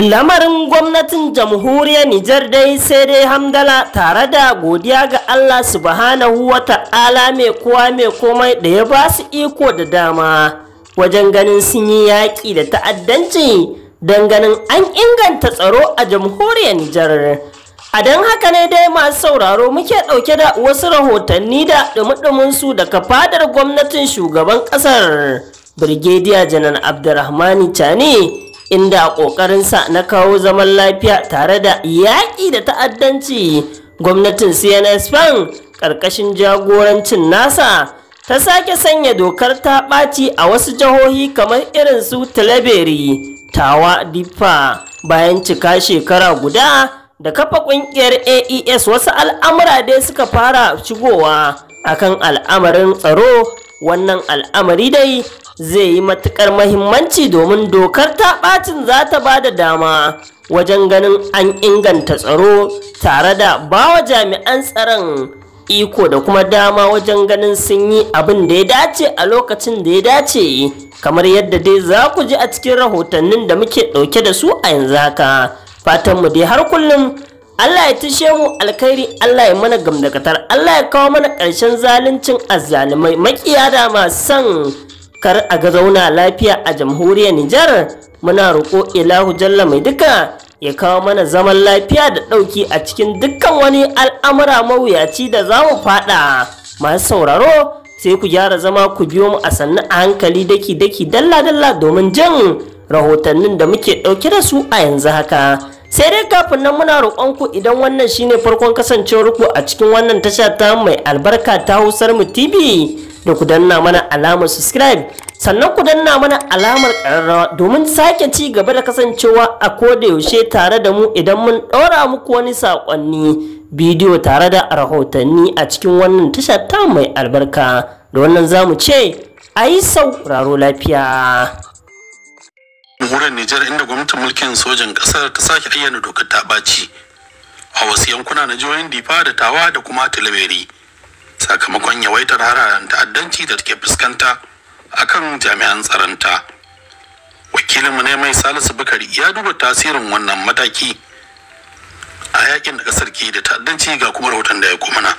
Lamarin gwamnatin jamhuriyar Nijar dai sai dai hamdala tare da godiya ga Allah subhanahu wa ta'ala mai kowa mai komai da ya ba su iko da dama wajen ganin sun yi yaƙi da ta'addanci don ganin an inganta tsaro a jamhuriyar Nijar. A don haka ne dai masu sauraro muke ɗauke da wasu rahotanni da ɗumi su daga fadar gwamnatin shugaban ƙasar Birgediya Janar Abdurrahmani Chani. inda a ƙoƙarinsa na kawo zaman lafiya tare da yaƙi da ta'addanci gwamnatin cns fan ƙarƙashin jagorancin nasa ta sake sanya dokar ta ɓaci a wasu jihohi kamar irin su talaberi tawa difa bayan cika shekara guda da kafa ƙungiyar aes wasu al'amura dai suka fara shigowa akan al'amarin tsaro wannan al'amari dai zai yi matukar mahimmanci domin dokar ta ɓacin za ta ba da dama wajen ganin an inganta tsaro tare da bawa jami'an tsaron iko da kuma dama wajen ganin sun yi abin da ya dace a lokacin da ya dace kamar yadda dai za ku ji a cikin rahotannin da muke ɗauke da su a yanzu haka fatanmu dai har kullum Allah ya tishe mu alkhairi Allah ya mana gamdakatar Allah ya kawo mana ƙarshen zaluncin azzalumai maƙiyada da masu son kar a ga zauna lafiya a jamhuriyar Nijar muna roƙo Ilahu Jalla mai duka ya kawo mana zaman lafiya da ɗauki a cikin dukkan wani al'amura mawuyaci da za mu faɗa masu sauraro sai ku gyara zama ku biyo mu a sannu a hankali daki daki dalla dalla domin jin rahotannin da muke ɗauke da su a yanzu haka sai dai kafin nan muna roƙonku idan wannan shine farkon kasancewar ku a cikin wannan tasha ta mai albarka ta hausar mu tv da ku danna mana alamar subscribe sannan ku danna mana alamar ƙararrawa domin sake ci gaba da kasancewa a ko da yaushe tare da mu idan mun ɗora muku wani saƙonni bidiyo tare da rahotanni a cikin wannan tasha ta mai albarka da wannan zamu ce a yi sauraro lafiya jamhuriyar Nijar inda gwamnatin mulkin sojan ƙasar ta sake ayyana dokar ta ɓaci a wasu yankuna na jihohin Difa da Tawa da kuma Tilaberi sakamakon yawaitar hararen ta'addanci da take fuskanta akan jami'an tsaronta. Wakilinmu ne mai Salisu Bukari ya duba tasirin wannan mataki a yakin da ƙasar ke da ta'addanci ga kuma rahoton da ya kuma na.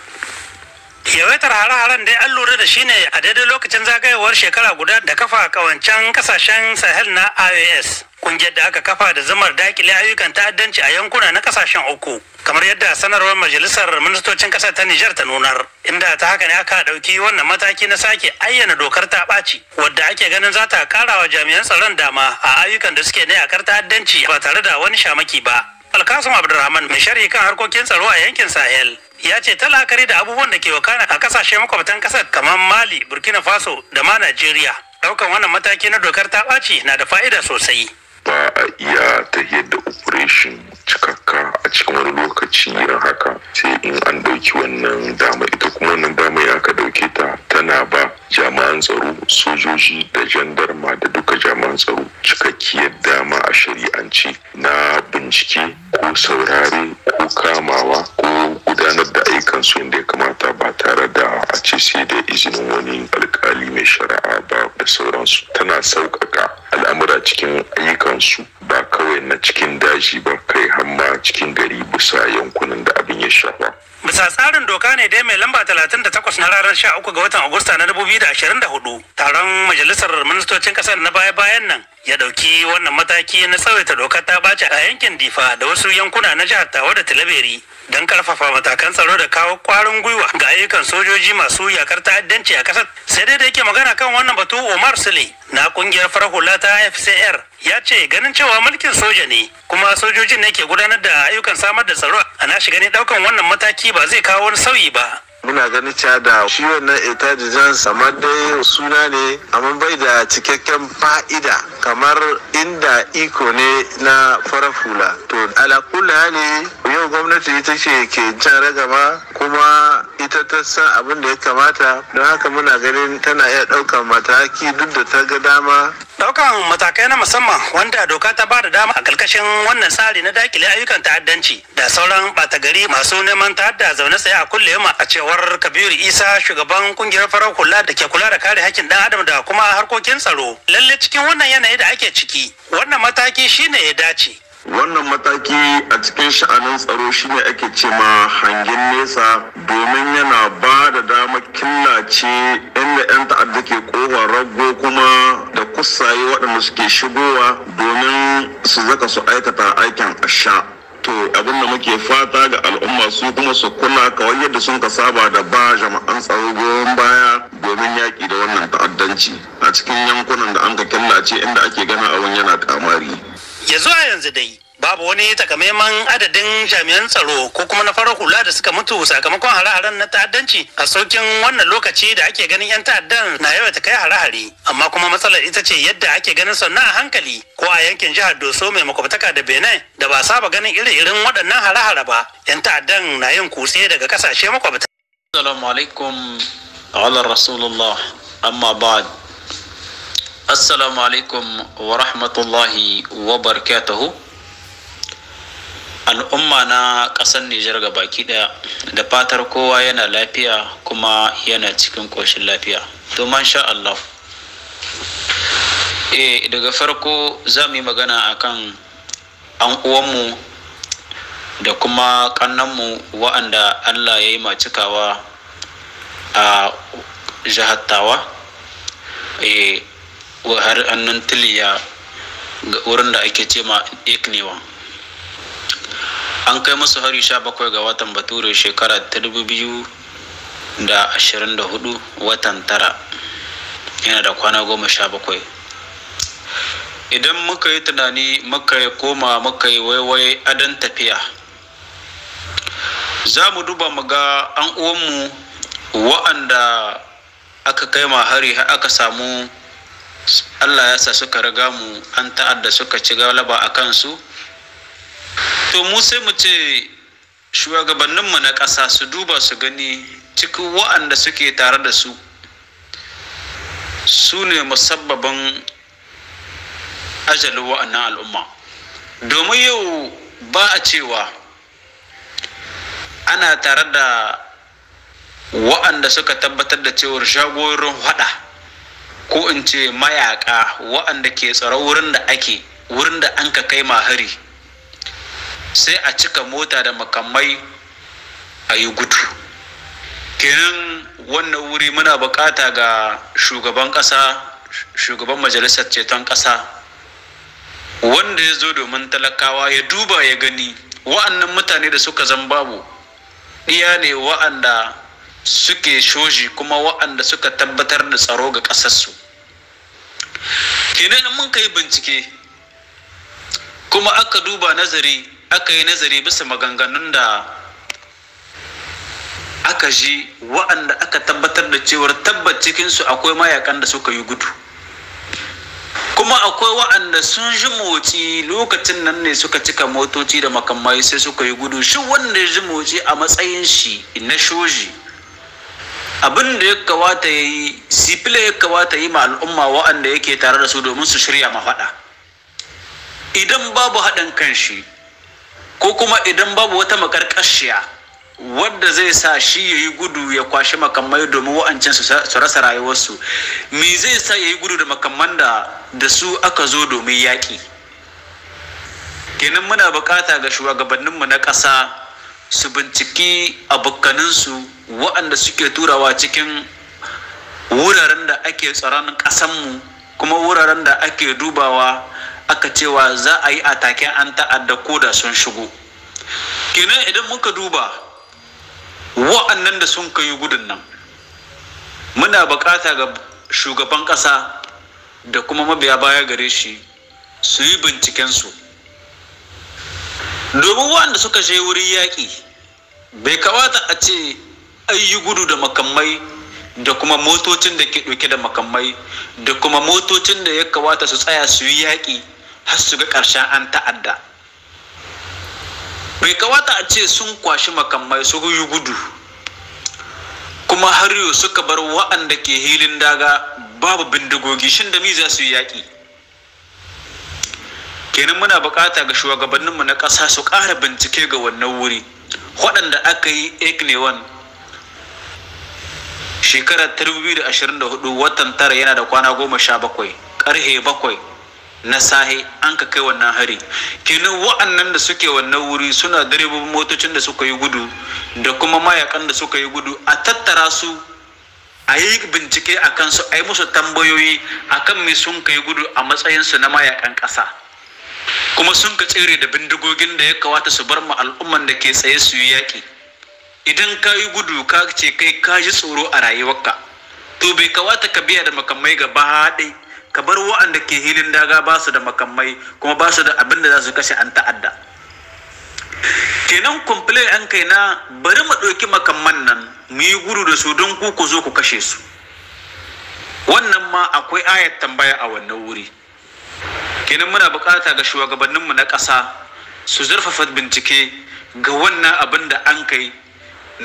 yawaitar hare-haren dai an lura da shi ne a daidai lokacin zagayowar shekara guda da kafa kawancen kasashen sahel na ios kungiyar da aka kafa da zamar dakile ayyukan ta'addanci a yankuna na kasashen uku kamar yadda sanarwar majalisar ministocin kasar ta nijar ta nunar inda ta haka ne aka ɗauki wannan mataki na sake ayyana dokar ta ɓaci wadda ake ganin za ta kara wa jami'an tsaron dama a ayyukan da suke ne a kar ta'addanci ba tare da wani shamaki ba alkasim abdulrahman mai sharhi kan harkokin tsaro a yankin sahel ya ce talakari da abubuwan da ke wakana a kasashe makwabtan kasar kamar mali burkina faso da ma najeriya daukan wannan mataki na dokar ta ɓaci na da fa'ida sosai ba a iya ta da operation cikakka a cikin wani lokaci irin haka sai in an dauki wannan dama ita kuma wannan dama ya ka dauke ta tana ba jami'an tsaro sojoji da jandarma da duka jami'an tsaro cikakkiyar dama a shari'ance na bincike ko saurari ko kamawa ko gudanar da ayyukansu inda ya kamata ba tare da a ce sai da izinin wani alkali mai shari'a ba da sauransu tana sauƙaƙa al'amura cikin ayyukansu ba kawai na cikin daji ba kai hamma cikin gari bisa yankunan da abin ya shafa bisa tsarin doka ne dai mai lamba 38 na ranar 13 ga watan agusta na 2024 taron majalisar ministocin kasar na baya-bayan nan ya dauki wannan mataki na tsawaita dokar ta bace a yankin difa da wasu yankuna na jihar tawa da tilaberi don karfafa matakan tsaro da kawo kwarin gwiwa ga ayyukan sojoji masu yakar ta'addanci a kasar sai dai da yake magana kan wannan batu omar sule na kungiyar farar hula ta fcr ya ce ganin cewa mulkin soja ne kuma sojojin ne ke gudanar da ayyukan samar da tsaro a na shiga ne daukan wannan mataki ba zai kawo wani sauyi ba muna ganin cewa da shi wannan ita jan sama da suna ne amma bai da cikakken fa'ida kamar inda iko ne na farar fula to alakula ne yau gwamnati ita ce ke jan ragama kuma ita ta san abin da ya kamata don haka muna ganin tana iya ɗaukar mataki duk da ta ga dama daukan matakai na musamman wanda doka ta ba da dama a karkashin wannan tsari na dakile ayyukan ta'addanci da sauran bata gari masu neman ta'adda zaune tsaye a kulle yamma a cewar kabiru isa shugaban kungiyar farar kula da ke kula da kare hakkin dan adam da kuma harkokin tsaro lalle cikin wannan yanayi da ake ciki wannan mataki shine ya dace wannan mataki a cikin sha'anin tsaro shine ake ce ma hangen nesa domin yana ba da dama killace inda 'yan ta'adda ke kowa rago kuma da kusaye waɗanda suke shigowa domin su zaka su aikata aikin asha to abin da muke fata ga al'umma su kuma su kula kawai yadda sun ka saba da ba jama'an tsaro goyon baya domin yaƙi da wannan ta'addanci a cikin yankunan da an ka killace inda ake gana abin yana kamari ya zuwa yanzu dai babu wani takamaiman adadin jami'an tsaro ko kuma na farar hula da suka mutu sakamakon hare-haren na ta'addanci a saukin wannan lokaci da ake ganin 'yan ta'addan na yawa ta kai hare-hare amma kuma matsalar ita ce yadda ake ganin sannu a hankali ko a yankin jihar doso mai makwabtaka da benin da ba saba ganin irin irin waɗannan hare-hare ba 'yan ta'addan na yin kutse daga ƙasashe makwabta. assalamu alaikum ala rasulullah amma ba assalamu alaikum wa rahmatullahi wa barakatuhu al'umma na ƙasar nijar ga baki ɗaya da fatar kowa yana lafiya kuma yana cikin ƙoshin lafiya to sha Allah e daga farko za mu yi magana akan an uwanmu da kuma ƙannanmu wa'anda Allah ya yi macikawa a jihar e wa har annan tiliya ga wurin da ake ce ma ikniwa an kai musu hari sha bakwai ga watan bature shekara ta dubu watan tara yana da kwana goma sha bakwai idan muka yi tunani muka yi koma muka yi waiwai adon tafiya za mu duba mu ga an uwanmu wa'anda aka kai ma hari aka samu allah ya sa suka riga mu an ta'adda suka ci galaba a kansu to mu sai mu ce shugabanninmu na ƙasa su duba su gani cikin wa'anda suke tare da su su ne musabbaban ajalin wa'annan al'umma domin yau ba a cewa ana tare da wa'anda suka tabbatar da cewar shagorin hada ko in ce mayaka waɗanda ke tsaro wurin da ake wurin da an ka kai mahari sai a cika mota da makamai a yi gudu kenan wannan wuri muna bukata ga shugaban ƙasa shugaban majalisar ceton ƙasa wanda ya zo domin talakawa ya duba ya gani wa'annan mutane da suka zan babu iya ne wa'anda suke shoji kuma wa'anda suka tabbatar da tsaro ga ƙasarsu kenan in mun kai bincike kuma aka duba nazari aka yi nazari bisa maganganun da aka ji wa'anda aka tabbatar da cewar tabbat cikinsu akwai mayakan da suka yi gudu kuma akwai wa'anda sun ji motsi lokacin nan ne suka cika motoci da makamai sai suka yi gudu shi wanda ya ji motsi a matsayin shi na shoji abin da ya kawata ya yi sifila ya kawata yi ma al'umma wa'anda yake tare da su domin su shirya mafaɗa idan babu haɗin kanshi ko kuma idan babu wata makarƙashiya wadda zai sa shi ya yi gudu ya kwashe makamai domin wa'ancin su rasa rayuwarsu me zai sa ya yi gudu da makamman da da su aka zo domin yaƙi kenan muna buƙata ga shugabanninmu na ƙasa su binciki abokaninsu waɗanda suke turawa cikin wuraren da ake tsaron ƙasanmu kuma wuraren da ake dubawa aka cewa za a yi ataken an ta'adda ko da sun shigo kenan idan muka duba wa'annan da sun kai gudun nan muna bukata ga shugaban ƙasa da kuma mabiya baya gare shi su yi bincikensu domin wanda suka je wurin yaƙi bai kamata a ce ayi gudu da makamai da kuma motocin da ke ɗauke da makamai da kuma motocin da ya kamata su tsaya su yi yaƙi har su ga ƙarshen an ta'adda bai kamata a ce sun kwashi makamai su yi gudu kuma har yau suka bar wa'anda ke hilin daga babu bindigogi shin da mi za su yi yaƙi kenan muna bukata ga shugabanninmu na ƙasa su ƙara bincike ga wannan wuri waɗanda aka yi wan shekarar 2024 watan tara yana da kwana goma sha bakwai ƙarhe bakwai na sahe an ka kai wannan hari kenan wa'annan da suke wannan wuri suna direbobin motocin da suka yi gudu da kuma mayakan da suka yi gudu a tattara su a yi bincike a kansu a yi musu tambayoyi a kan me sun kai gudu a matsayinsu na mayakan ƙasa kuma sun ka tsere da bindigogin da ya kawata su bar ma al'umman da ke tsaye su yi yaƙi idan ka yi gudu ka ce kai ka ji tsoro a rayuwarka to bai kawata ka biya da makamai gaba haɗe ka bar wa'anda ke hilin daga ba su da makamai kuma ba su da abin da za su kashe an ta'adda kenan complain an kai na bari mu ɗauki makamman nan mu yi gudu da su don ku ku zo ku kashe su wannan ma akwai ayat tambaya a wannan wuri kenan muna bukata ga shugabanninmu na ƙasa su zurfafa bincike ga wannan abin da an kai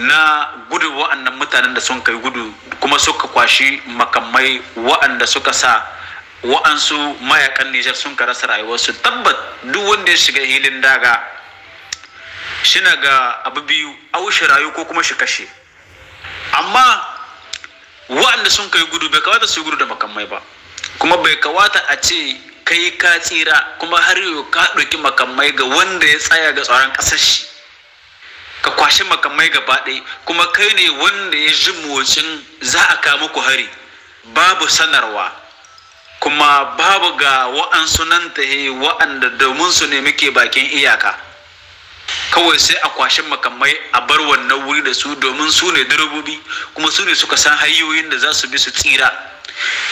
na gudu wa'annan mutanen da sun kai gudu kuma suka kwashi makamai wa'anda suka sa wa'ansu mayakan nijar sun ka rasa rayuwarsu tabbat duk wanda ya shiga hilin daga shina ga abu biyu aushi rayu ko kuma shi kashe amma wa'anda sun kai gudu bai kawata su gudu da makamai ba kuma bai kawata a ce kai ka tsira kuma har yau ka ɗauki makamai ga wanda ya tsaya ga tsaron ƙasar shi ka kwashe makamai gaba ɗaya kuma kai ne wanda ya ji motsin za a kama ku hari babu sanarwa kuma babu ga wa'ansu nan ta wa'anda domin su ne muke bakin iyaka kawai sai a kwashe makamai a bar wannan wuri da su domin su ne direbobi kuma su ne suka san hanyoyin da za su bi su tsira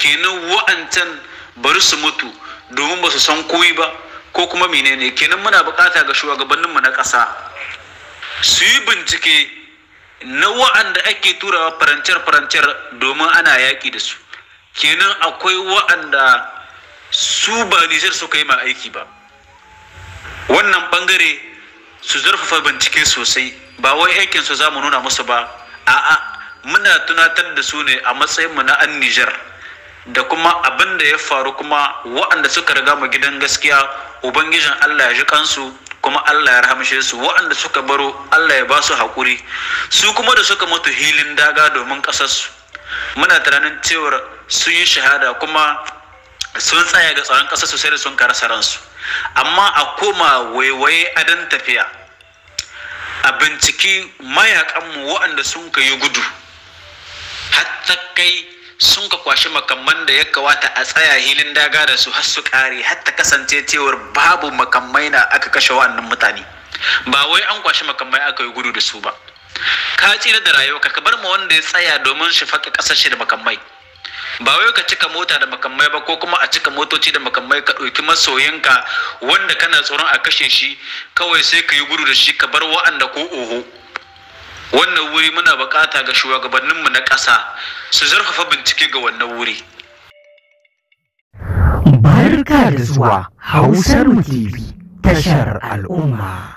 kenan wa'ancan bari su mutu domin ba su san koyi ba ko kuma menene kenan muna bukata ga shugabanninmu na ƙasa su yi bincike na wa'anda ake turawa farancar-farancar domin ana yaƙi da su kenan akwai wa'anda su ba nijar su kai ma aiki ba wannan bangare su zurfafa bincike sosai ba wai aikin su za mu nuna musu ba a'a muna tunatar da su ne a matsayinmu na an nijar da kuma abin da ya faru kuma waɗanda suka riga mu gidan gaskiya ubangijin Allah ya ji kansu kuma Allah ya rahamshe su waɗanda suka baro Allah ya ba su haƙuri su kuma da suka mutu hilin daga domin ƙasarsu muna tunanin cewar sun yi shahada kuma sun tsaya ga tsaron ƙasar su sai da sun karasa ransu amma a koma waiwaye adon tafiya a binciki mayakanmu waɗanda sun ka yi gudu ta kai sun ka kwashi makamman da ya kawata a tsaya hilin daga da su har su kare har ta kasance cewar babu makamai na aka kashe wa'annan mutane ba wai an kwashi makamai aka yi gudu da su ba ka tsira da rayuwa ka bar ma wanda ya tsaya domin shi faka kasar shi da makamai ba wai ka cika mota da makamai ba ko kuma a cika motoci da makamai ka ɗauki masoyinka wanda kana tsoron a kashe shi kawai sai ka yi gudu da shi ka bar wa'anda ko oho wannan wuri muna bukata ga shugabanninmu na ƙasa su zurfafa bincike ga wannan wuri barka da zuwa hausar tv tashar al'umma